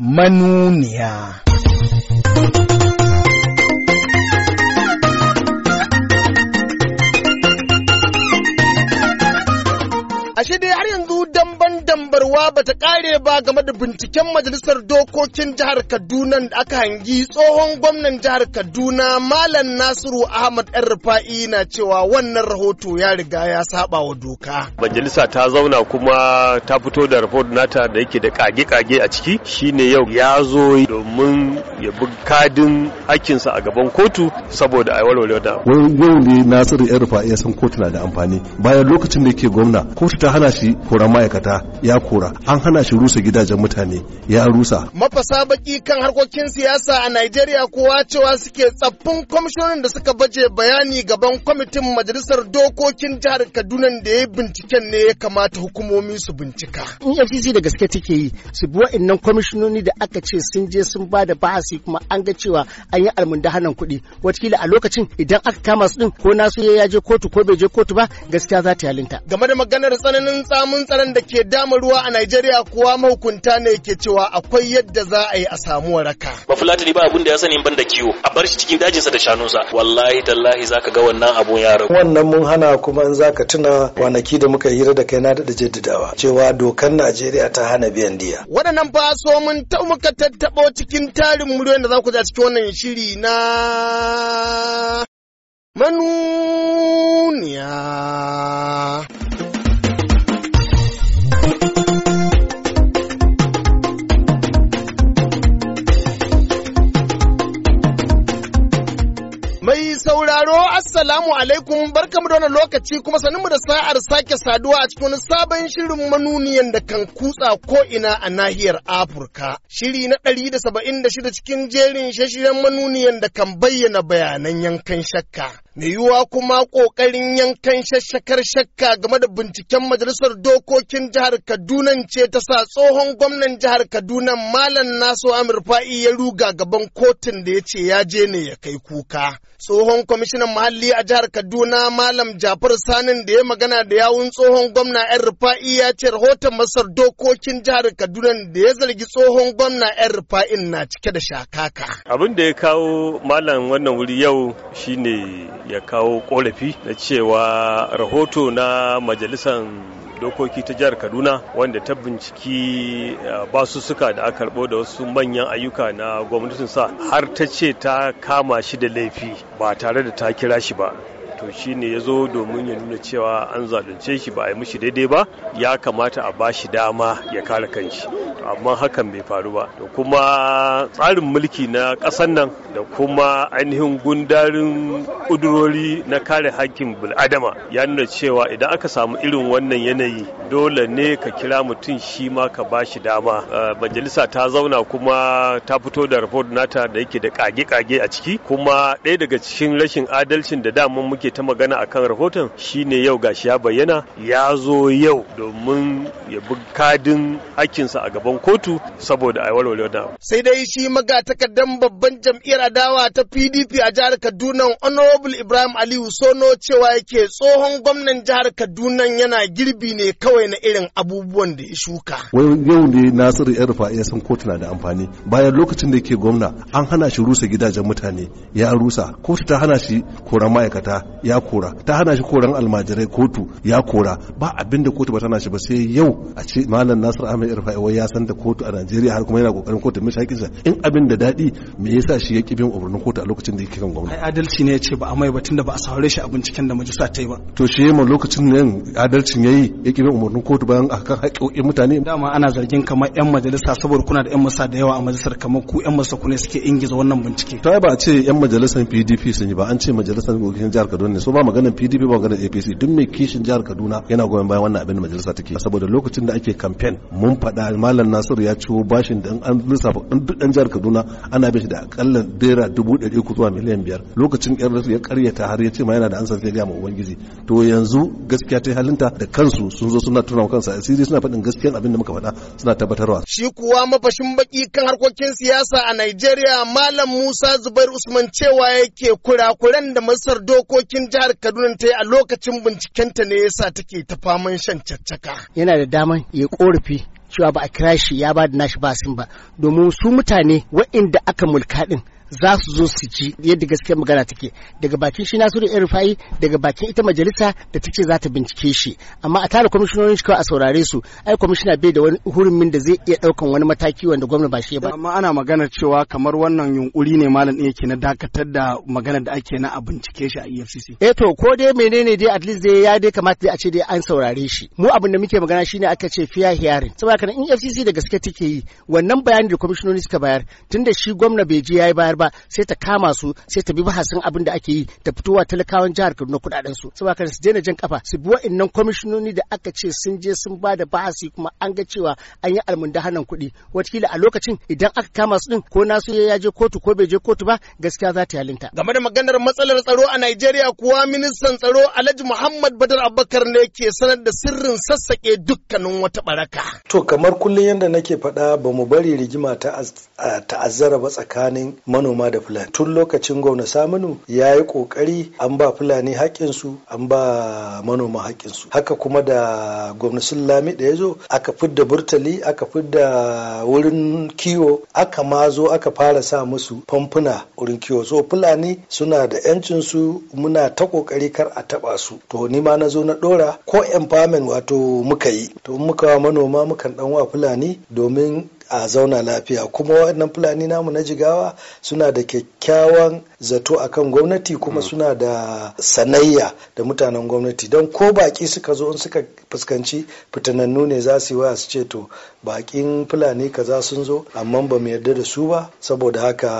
manuniya. Ashe dai har yanzu ba bata kare ba game da binciken majalisar dokokin jihar Kaduna da aka hangi tsohon gwamnan jihar Kaduna Malam Nasiru Ahmad ɗan Rufa'i na cewa wannan rahoto ya riga ya saba wa doka. Majalisa ta zauna kuma ta fito da rahoto nata da yake da kage-kage a ciki shine yau ya zo domin ya bi kadin hakinsa a gaban kotu saboda a warware da. Wai yau ne Nasiru ɗan Rufa'i ya san kotu na da amfani bayan lokacin da yake gwamna kotu ta hana shi koren ma'aikata ya kora an hana shi rusa gidajen mutane ya rusa mafasa baki kan harkokin siyasa a Najeriya kowa cewa suke tsaffin kwamishinan da suka baje bayani gaban kwamitin majalisar dokokin jihar Kaduna da ya binciken ne ya kamata hukumomi su bincika in FCC da gaske take yi su bi wa'annan kwamishinoni da aka ce sun je sun ba da bahasi kuma an ga cewa an yi almunda hanan kuɗi wakili a lokacin idan aka kama su din ko nasu ya je kotu ko bai je kotu ba gaskiya za ta yalinta game da maganar tsananin tsamin tsaron da ke dama ruwa faruwa a Najeriya kuwa mahukunta ne ke cewa akwai yadda za a yi a samu waraka. Ba Fulatani ba abin da ya sani ban da kiwo, a bar shi cikin dajinsa da shanunsa. Wallahi tallahi zaka ga wannan abun ya rabu. Wannan mun hana kuma in zaka tuna kwanaki da muka hira da kai na da jaddadawa cewa dokar Najeriya ta hana biyan diya. Waɗannan ba so mun ta muka tattaɓo cikin tarin muryoyin da za ku a cikin wannan shiri na manuniya. sauraro Assalamu alaikum barkamu da wani lokaci kuma sanin da sa'ar sake saduwa a cikin sabon shirin manuniyan da kan kutsa ko ina a nahiyar Afirka. Shiri na ɗari da saba'in da shida cikin jerin shashiren manuniyan da kan bayyana bayanan yankan shakka. Mai yiwuwa kuma ƙoƙarin yankan shashakar shakka game da binciken majalisar dokokin jihar Kaduna ce ta sa tsohon gwamnan jihar Kaduna Malam Nasu Amir Fa'i ya ruga gaban kotun da ya ce ya je ne ya kai kuka. Tsohon kwamishinan muhalli a jihar Kaduna Malam Jafar Sanin da ya magana da yawun tsohon gwamna ‘yan rufa'i ya ce rahoton masar dokokin jihar Kaduna da ya zargi tsohon gwamna ‘yan rufa'in na cike da shakaka. Abin da ya kawo malam wannan wuri yau shine ya kawo korafi na cewa rahoto na majalisan. dokoki ta jihar kaduna wanda ta binciki eh, basussuka da aka karɓo da wasu manyan ayyuka na gwamnatin sa har ta ce ta kama shi da laifi ba tare da ta kira shi ba to ne ya zo domin ya nuna cewa an zalunce shi ba a yi mishi daidai ba ya kamata a ba shi dama ya kare kanshi amma hakan bai faru ba da kuma tsarin mulki na ƙasar nan da kuma ainihin gundarin ƙudurori na kare hakkin bil'adama ya nuna cewa idan aka samu irin wannan yanayi dole ne ka kira mutum shi ma ka ba shi dama majalisa ta zauna kuma ta fito da rahoton nata da yake da kage-kage a ciki kuma ɗaya daga cikin rashin adalcin da dama muke ta magana akan rahoton shine yau gashi ya bayyana ya zo yau domin ya bi kadin hakinsa a gaban kotu saboda a walwale wata. sai dai shi takardar babban jam'iyyar adawa ta PDP a jihar Kaduna Honorable Ibrahim Aliyu Sono cewa yake tsohon gwamnan jihar Kaduna yana girbi ne kawai na irin abubuwan da ya shuka wai yau ne Nasiru Yarfa ya san kotu na da amfani bayan lokacin da yake gwamna an hana shi rusa gidajen mutane ya rusa kotu ta hana shi koran ma'aikata ya kora ta hana shi koran almajirai kotu ya kora ba abin da kotu ba tana shi ba sai yau a ce malam nasir ahmed irfa'i wai ya san da kotu a najeriya har kuma yana kokarin kotu mai sa in abin da daɗi me yasa shi ya ki bin umarnin kotu a lokacin da yake kan gwamnati adalci ne ya ce ba a mai ba tunda ba a saurare shi a binciken da majalisa ta yi ba to shi yamma lokacin ne adalcin yayi ya ki bin umarnin kotu bayan akan haƙƙi mutane dama ana zargin kamar yan majalisa saboda kuna da yan masa da yawa a majalisar kamar ku yan masa ku ne suke ingiza wannan bincike to ba a ce yan majalisar PDP sun yi ba an ce majalisar gogin jihar Kaduna ne so ba maganar PDP ba maganar APC duk mai kishin jihar Kaduna yana goyon bayan wannan abin da majalisa take saboda lokacin da ake campaign mun faɗa Malam Nasiru ya ciwo bashin da an lissafa duk ɗan jihar Kaduna ana bin shi da akalla dera dubu ɗari uku zuwa miliyan biyar lokacin ƴan rasu ya karyata har ya ce ma yana da ansa sai ga mu ubangiji to yanzu gaskiya ta halinta da kansu sun zo suna tuna kansu asiri suna faɗin gaskiyar abin da muka faɗa suna tabbatarwa shi kuwa mafashin baki kan harkokin siyasa a nigeria Malam Musa Zubair Usman cewa yake kurakuran da masar dokoki cikin jihar Kaduna ta yi a lokacin bincikenta ne yasa take ta faman shan caccaka. Yana da daman ya korafi cewa ba a kira shi ya ba da nashi basin ba domin su mutane waɗanda aka mulka din za su zo su ji yadda gaskiyar magana take daga bakin shi nasiru yan rufa'i daga bakin ita majalisa da ta ce za ta bincike shi amma a tara kwamishinonin shi a saurare su ai kwamishina bai da wani hurumin da zai iya daukan wani mataki wanda gwamna ba shi ba amma ana maganar cewa kamar wannan yunkuri ne malam ɗin yake na dakatar da magana da ake na a bincike shi a EFCC eh to ko dai menene dai at least dai ya dai kamata dai a ce dai an saurare shi mu abin da muke magana shine aka ce fiya hiyarin saboda kana in EFCC da gaske take yi wannan bayanin da kwamishinoni suka bayar tunda shi gwamna bai je yayi bayar ba ba sai ta kama su sai ta bi bahasin abin da ake yi ta fitowa talakawan jihar Kaduna kudaden su saboda kada su daina jan kafa su bi wa'annan kwamishinoni da aka ce sun je sun ba da bahasi kuma an ga cewa an yi almunda hannun kuɗi watakila a lokacin idan aka kama su din ko nasu ya je kotu ko bai je kotu ba gaskiya za ta yalinta game da maganar matsalar tsaro a Najeriya kuwa ministan tsaro Alhaji Muhammad Badar Abubakar ne ke sanar da sirrin sassaƙe dukkanin wata baraka to kamar kullum yadda nake faɗa ba mu bari rigima ta ta'azzara ba tsakanin manoma manoma da fulani tun lokacin gwamna saminu ya yi kokari an ba fulani haƙƙinsu an ba manoma haƙƙinsu haka kuma da gwamna sullami da ya zo aka fidda burtali aka fidda wurin kiwo aka ma zo aka fara sa musu famfuna wurin kiwo so fulani suna da yancin su muna ta kokari kar a taba su to ni ma na zo na dora ko empowerment wato muka yi to muka wa manoma mukan dan wa fulani domin a zauna lafiya kuma waɗannan fulani namu na jigawa suna da kyakkyawan zato a kan gwamnati kuma mm. suna da sanayya da mutanen gwamnati don ko baƙi suka zo in suka fuskanci fitanannu ne za su yi waya su ce to baƙin fulani kaza sun zo amma ba mu yarda da su ba saboda haka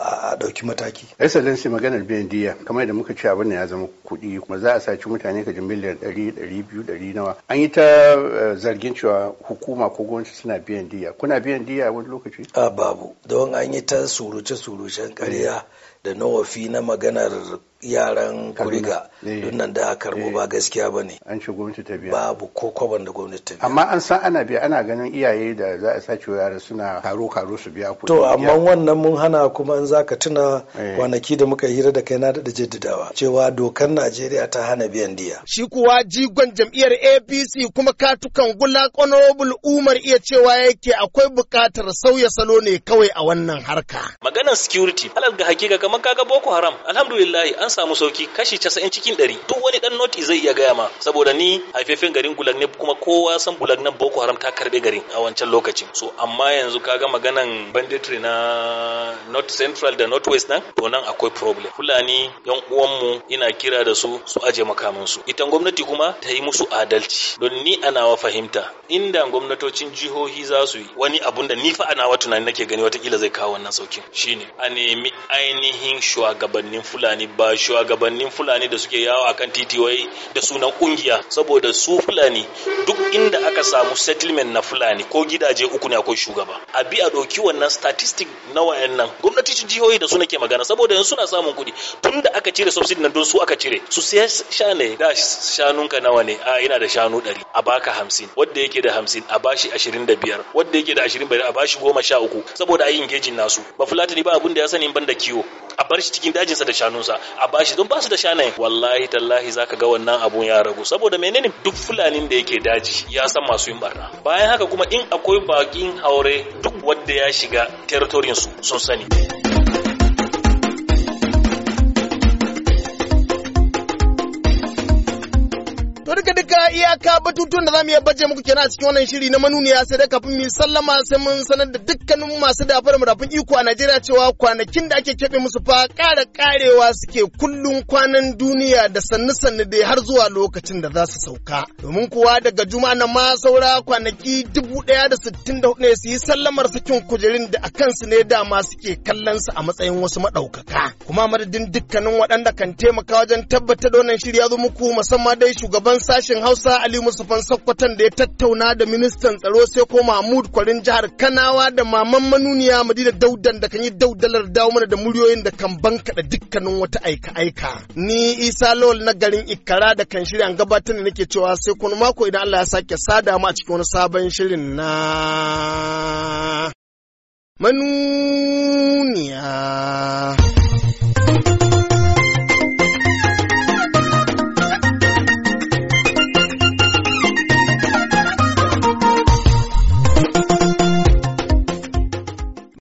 a ɗauki mataki. excellency maganar biyan diya kamar da muka ce abin da ya zama kuɗi kuma za a saci mutane kajin miliyan ɗari ɗari biyu ɗari nawa an yi ta eh, zargin cewa hukuma ko gwamnati suna biyan diya kuna biyan diya wani lokaci a babu don an yi ta suruce-surucen karya da nawafi na maganar yaran kuriga eh. don nan da karbo ba eh. gaskiya ba ne an ce gwamnati ta biya babu ko kwaban da gwamnati ta biya amma an san ana biya ana ganin iyaye da za a sace yara suna karo karo su biya kuɗi to amma wannan mun hana kuma in zaka tuna eh. kwanaki da muka hira da kai na da jaddadawa cewa dokar Najeriya ta hana biyan diya shi kuwa jigon jam'iyyar APC kuma katukan gula honorable Umar iya cewa yake akwai buƙatar sauya salo ne kawai a wannan harka maganar security alal ga hakika kamar kaga Boko Haram alhamdulillah an samu sauki kashi casa'in cikin 100 duk wani dan noti zai iya gaya ma saboda ni haifefen garin gulag ne kuma kowa san gulag nan boko haram ta karbe garin a wancan lokacin so amma yanzu kaga maganan banditry na north central da north west nan to nan akwai problem fulani yan uwanmu ina kira da su su aje makamin su ita gwamnati kuma ta yi musu adalci don ni ana wa fahimta inda gwamnatocin jihohi za su yi wani abun da ni fa ana wa tunani nake gani watakila zai kawo wannan saukin shine a nemi ainihin shugabannin fulani ba shugabannin fulani da suke yawo akan titi wai da sunan kungiya saboda su fulani duk inda aka samu settlement na fulani ko gidaje uku ne akwai shugaba a bi a doki wannan statistic na gwamnati gwamnatocin jihohi da su ke magana saboda yanzu suna samun kuɗi da aka cire subsidy nan don su aka cire su sai shane da shanunka nawa ne a ina da shanu ɗari a baka hamsin wanda yake da hamsin a bashi ashirin da biyar wanda yake da ashirin a bashi goma sha uku saboda ayi yi ingejin nasu ba fulatani ba abin da ya sani ban da kiwo a bar shi cikin dajinsa da shanunsa a bashi don basu da shanayen wallahi tallahi zaka ga wannan abun ya ragu saboda menene duk fulanin da yake daji ya san masu yin barna bayan haka kuma in akwai bakin haure duk wanda ya shiga territorin su sun sani duka iyaka batutun da zamu iya baje muku kenan a cikin wannan shiri na manuniya sai da kafin mu sallama sai mun sanar da dukkanin masu dafar murafin iko a Najeriya cewa kwanakin da ake kebe musu fa ƙara ƙarewa suke kullun kwanan duniya da sannu sannu dai har zuwa lokacin da za su sauka domin kuwa daga juma'a na ma saura kwanaki dubu ɗaya da sittin da hudu ne su yi sallamar sakin kujerin da a kansu ne dama suke kallon su a matsayin wasu maɗaukaka kuma madadin dukkanin waɗanda kan taimaka wajen tabbatar da wannan shiri ya zo muku musamman dai shugaban sashen Hausa Ali Mustapha da ya tattauna da ministan tsaro sai ko Mahmud Kwarin jihar Kanawa da maman manuniya Madina Daudan da kan yi daudalar dawo mana da muryoyin da kan bankaɗa dukkanin wata aika-aika. Ni Isa Lawal na garin Ikara da kan shirya gabatar da nake cewa sai kuma mako idan Allah ya sake sada mu a cikin wani sabon shirin na manuniya.